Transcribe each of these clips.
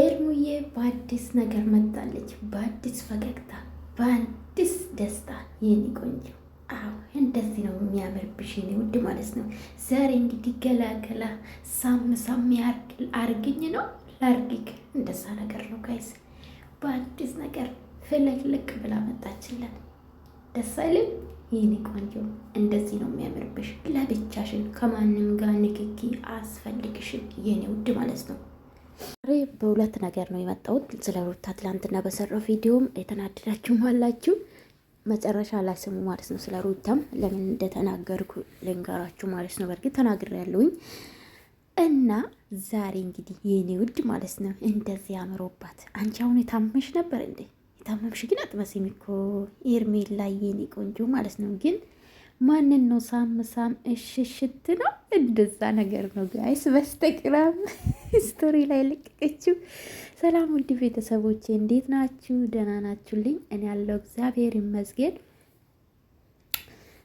ኤርሙዬ በአዲስ ነገር መጣለች። በአዲስ ፈገግታ፣ በአዲስ ደስታ። የኔ ቆንጆ አዎ፣ እንደዚህ ነው የሚያምርብሽ የኔ ውድ ማለት ነው። ዛሬ እንግዲህ ገላገላ ሳም ሳም አርግኝ ነው ላርግግ፣ እንደዛ ነገር ነው ጋይስ። በአዲስ ነገር ፍልቅልቅ ብላ መጣችለን። ደስ አይልም? ይህኔ ቆንጆ እንደዚህ ነው የሚያምርብሽ። ለብቻሽን ከማንም ጋር ንክኪ አስፈልግሽም የኔ ውድ ማለት ነው። ዛሬ በሁለት ነገር ነው የመጣሁት። ስለ ሩታ ትላንትና በሰራው ቪዲዮም የተናደዳችሁም አላችሁ፣ መጨረሻ ላይ ስሙ ማለት ነው። ስለ ሩታም ለምን እንደተናገርኩ ልንገራችሁ ማለት ነው። በእርግጥ ተናግሬያለሁኝ እና ዛሬ እንግዲህ የኔ ውድ ማለት ነው እንደዚህ አምሮባት። አንቺ አሁን የታመምሽ ነበር እንዴ? የታመምሽ ግን አትመስይም እኮ ሄርሜላ፣ የኔ ቆንጆ ማለት ነው ግን ማንን ነው ሳም ሳም እሽሽት ነው እንደዛ ነገር ነው ጋይስ። በስተግራም ስቶሪ ላይ ለቀቀችው። ሰላም ውድ ቤተሰቦቼ እንዴት ናችሁ? ደህና ናችሁልኝ? እኔ ያለው እግዚአብሔር ይመስገን።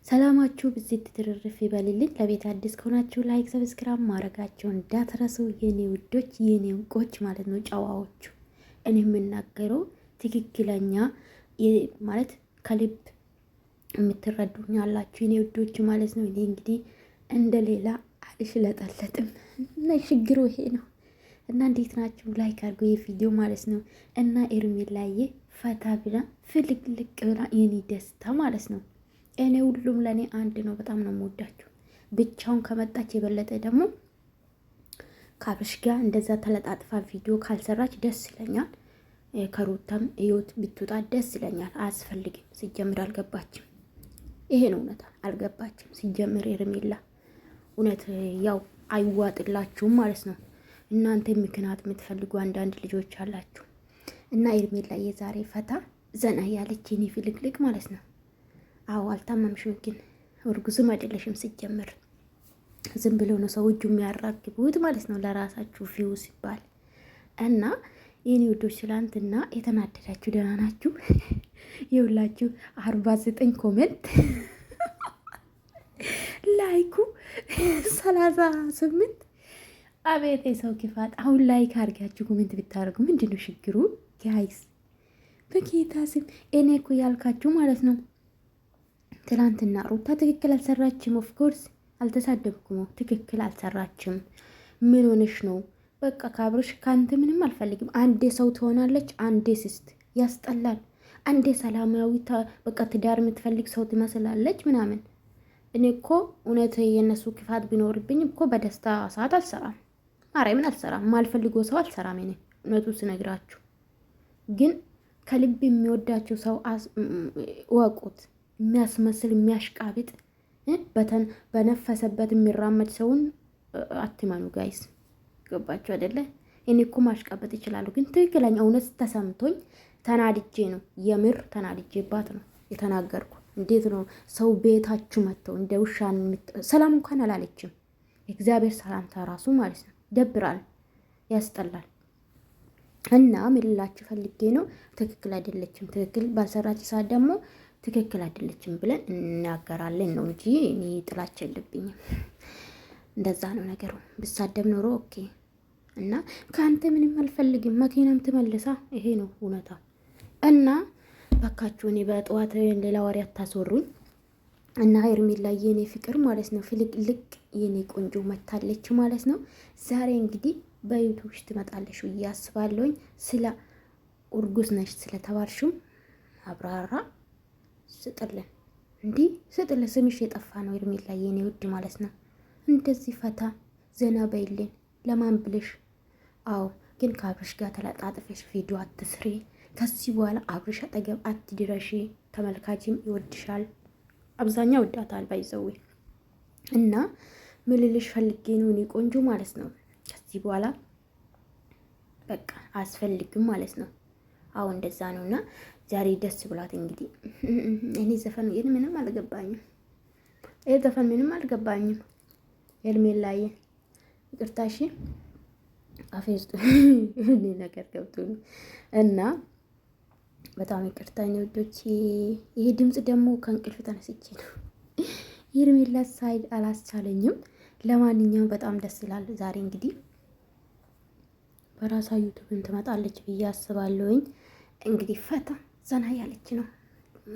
ሰላማችሁ ብዜት ትርርፍ ይበልልኝ። ለቤት አዲስ ከሆናችሁ ላይክ፣ ሰብስክራም ማድረጋችሁ እንዳትረሱ የኔ ውዶች፣ የኔ እንቆች ማለት ነው ጨዋዎቹ። እኔ የምናገረው ትክክለኛ ማለት ከልብ የምትረዱኝ አላችሁ የኔ ውዶች ማለት ነው። እኔ እንግዲህ እንደ ሌላ አልሽለጠለጥም እና ችግሩ ይሄ ነው። እና እንዴት ናችሁ? ላይክ አድርጎ ቪዲዮ ማለት ነው እና ኤርሜላዬ ፈታ ብላ ፍልቅልቅ ብላ የኔ ደስታ ማለት ነው። እኔ ሁሉም ለእኔ አንድ ነው። በጣም ነው የምወዳችሁ። ብቻውን ከመጣች የበለጠ ደግሞ ከአብርሽ ጋር እንደዛ ተለጣጥፋ ቪዲዮ ካልሰራች ደስ ይለኛል። ከሩታም ህይወት ብትወጣ ደስ ይለኛል። አያስፈልግም። ሲጀምር አልገባችም። ይሄን እውነት አልገባችም። ሲጀምር ሄርሜላ እውነት ያው አይዋጥላችሁም ማለት ነው። እናንተ ምክንያት የምትፈልጉ አንዳንድ ልጆች አላችሁ እና ሄርሜላ የዛሬ ፈታ ዘና ያለች የኔ ፍልቅልቅ ማለት ነው። አዎ አልታመምሽም፣ ግን እርጉዝም አይደለሽም። ሲጀምር ዝም ብሎ ነው ሰው እጁ የሚያራግቡት ማለት ነው ለራሳችሁ ቪው ሲባል እና የኔ ውዶች ትላንትና የተናደዳችሁ ደህና ናችሁ? የሁላችሁ አርባ ዘጠኝ ኮሜንት ላይኩ ሰላሳ ስምንት አቤት የሰው ክፋት። አሁን ላይክ አድርጋችሁ ኮሜንት ብታደርጉ ምንድን ነው ችግሩ ጋይስ? በጌታ ስም እኔ እኮ ያልካችሁ ማለት ነው። ትላንትና ሩታ ትክክል አልሰራችም። ኦፍኮርስ አልተሳደብኩም። ትክክል አልሰራችም። ምን ሆነሽ ነው በቃ ካብርሽ ከአንተ ምንም አልፈልግም። አንዴ ሰው ትሆናለች፣ አንዴ ስስት ያስጠላል። አንዴ ሰላማዊ በቃ ትዳር የምትፈልግ ሰው ትመስላለች ምናምን። እኔ እኮ እውነት የነሱ ክፋት ቢኖርብኝ እኮ በደስታ ሰዓት አልሰራም፣ ማርያምን አልሰራም፣ ማልፈልጎ ሰው አልሰራም። እኔ እውነቱ ስነግራችሁ ግን ከልብ የሚወዳቸው ሰው እወቁት። የሚያስመስል የሚያሽቃብጥ በተን በነፈሰበት የሚራመድ ሰውን አትመኑ ጋይስ። ገባችሁ አይደለ? እኔ እኮ ማሽቃበጥ ይችላሉ፣ ግን ትክክለኛ እውነት ተሰምቶኝ ተናድጄ ነው። የምር ተናድጄባት ነው የተናገርኩ። እንዴት ነው ሰው ቤታችሁ መጥተው እንደ ውሻ ሰላም እንኳን አላለችም። እግዚአብሔር ሰላምታ ራሱ ማለት ነው ደብራል፣ ያስጠላል። እና ምልላችሁ ፈልጌ ነው ትክክል አይደለችም። ትክክል ባልሰራች ሰዓት ደግሞ ትክክል አይደለችም ብለን እናገራለን ነው እንጂ እኔ የለብኝም። እንደዛ ነው ነገሩ። ብሳደብ ኖሮ ኦኬ እና ከአንተ ምንም አልፈልግም፣ መኪናም ትመልሳ። ይሄ ነው እውነታ። እና ባካችሁ እኔ በጠዋት ሌላ ወሬ አታስወሩኝ። እና ሄርሜላ የኔ ፍቅር ማለት ነው ፍልቅልቅ የኔ ቆንጆ መታለች ማለት ነው። ዛሬ እንግዲህ በዩቱብ ትመጣለሽ እያስባለሁኝ ስለ እርጉዝ ነሽ ስለተባልሽም አብራራ ስጥልን፣ እንዲህ ስጥልን። ስምሽ የጠፋ ነው ሄርሜላ የኔ ውድ ማለት ነው። እንደዚህ ፈታ ዘና በይልን ለማን ብለሽ አዎ ግን ከአብርሽ ጋር ተለጣጥፈሽ ቪዲዮ አትስሪ። ከዚህ በኋላ አብርሽ አጠገብ አትድረሺ። ተመልካችም ይወድሻል፣ አብዛኛው ወዳታል ባይዘዊ እና ምልልሽ ፈልጌ ነው እኔ ቆንጆ ማለት ነው። ከዚህ በኋላ በቃ አያስፈልግም ማለት ነው። አዎ እንደዛ ነው። እና ዛሬ ደስ ብሏት እንግዲህ እኔ ዘፈን ግን ምንም አልገባኝም። ይህ ዘፈን ምንም አልገባኝም። ሄርሜላዬ ይቅርታሽ አፌ ውስጥ እኔ ነገር ገብቶ ነው እና በጣም ይቅርታ ውዶቼ። ይሄ ድምፅ ደግሞ ከእንቅልፍ ተነስቼ ነው ሄርሜላ ሳይድ አላስቻለኝም። ለማንኛውም በጣም ደስ ይላል። ዛሬ እንግዲህ በራሷ ዩቱብን ትመጣለች ብዬ አስባለሁኝ። እንግዲህ ፈታ ዘና ያለች ነው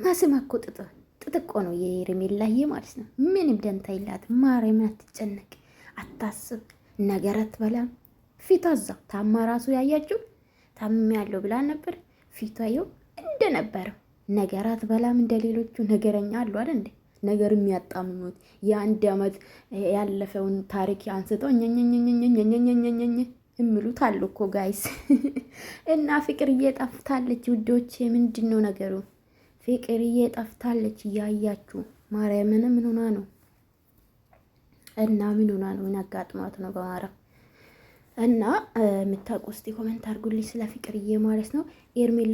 ማስማ እኮ ጥጥቆ ነው የሄርሜላዬ ማለት ነው። ምንም ደንታ ይላት ማርያምን፣ አትጨነቅ፣ አታስብ፣ ነገር አትበላም። ፊቷ እዛ ታማ ራሱ ያያችው ታምም ያለው ብላ ነበር። ፊቷ ይኸው እንደነበረ ነገራት በላም እንደሌሎቹ ነገረኛ አሉ አይደል እንዴ ነገር የሚያጣምሙት የአንድ አመት ያለፈውን ታሪክ አንስተው ኘኘኘኘኘኘኘኘኘ እምሉት አሉ እኮ ጋይስ። እና ፍቅርዬ ጠፍታለች ውዶቼ። ምንድን ነው ነገሩ? ፍቅርዬ ጠፍታለች እያያችሁ ማርያምን ምን ሆና ነው? እና ምን ሆና ነው? ምን አጋጥሟት ነው በማርያም እና የምታውቁ ውስጥ ኮመንት አድርጉልኝ ስለ ፍቅርዬ ማለት ነው።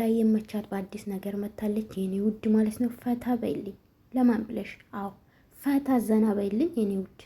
ላይ የመቻት በአዲስ ነገር መታለች የኔ ውድ ማለት ነው። ፈታ በይልኝ። ለማን ብለሽ? አዎ ፈታ ዘና በይልኝ የኔ ውድ